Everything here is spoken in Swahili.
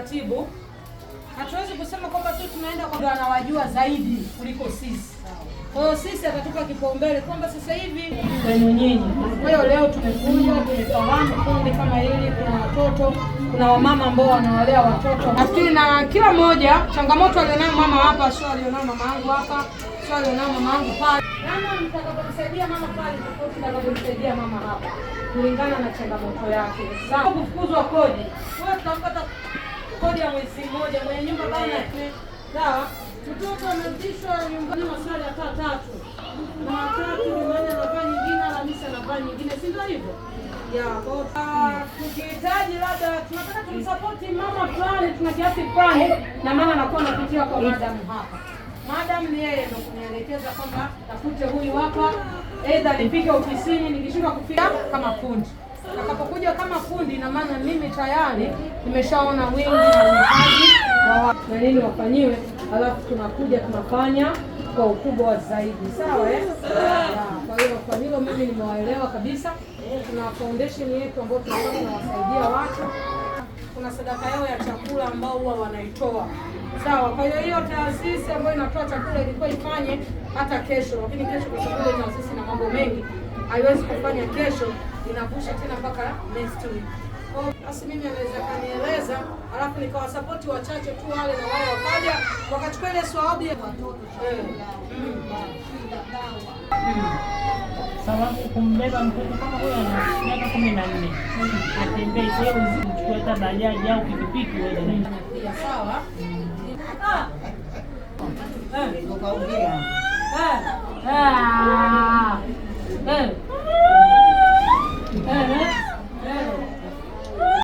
utaratibu, hatuwezi kusema kwamba tu tunaenda kwa ndio anawajua zaidi kuliko sisi. Kwa hiyo sisi atatupa kipaumbele kwamba sasa hivi wenu nyinyi. Kwa hiyo leo tumekuja tumefahamu kundi kama hili, kuna watoto, kuna wamama ambao wanawalea watoto, nafikiri na kila mmoja changamoto alionayo mama hapa, sio alionayo mama yangu hapa, sio alionayo mama yangu pale. Kama mtakapomsaidia mama pale, tofauti mtakapomsaidia mama hapa, kulingana na changamoto yake. Sasa kufukuzwa kodi, wewe tutakata kodi ya mwezi mmoja mwenye nyumba bana. Eh. Sawa, mtoto amerudishwa nyumbani maswali ya saa tatu ni maana anavaa nyingine, Alhamisi anavaa nyingine, si ndio hivyo? Ah, tukihitaji labda tunataka tumsapoti mama fulani, tuna kiasi fulani, na maana anakuwa anapitia kwa madamu hapa. Madam ni yeye ndo kunielekeza kwamba tafute huyu hapa, aidha nipike ofisini, nikishuka kufika kama fundi Utakapokuja kama fundi, ina maana mimi tayari nimeshaona wingi na nini wafanyiwe, alafu tunakuja tunafanya kwa ukubwa zaidi, sawa eh? Kwa hiyo kwa hilo mimi nimewaelewa kabisa. Tuna foundation yetu ambayo tunakuwa tunawasaidia watu, kuna sadaka yao ya chakula ambao huwa wanaitoa Sawa. Kwa hiyo hiyo taasisi ambayo inatoa chakula ilikuwa ifanye hata kesho, lakini kesho kwa sababu taasisi na mambo mengi haiwezi kufanya kesho, inavusha tena mpaka next week. Basi mimi anaweza kanieleza, alafu nikawasapoti wachache tu wale, na wale wakaja wakachukua ile swabu ya sababu kumbeba mtoto kama huyo ana miaka kumi na nne atembee hata bajaji au pikipiki sawa. Mm. Ah! Eh.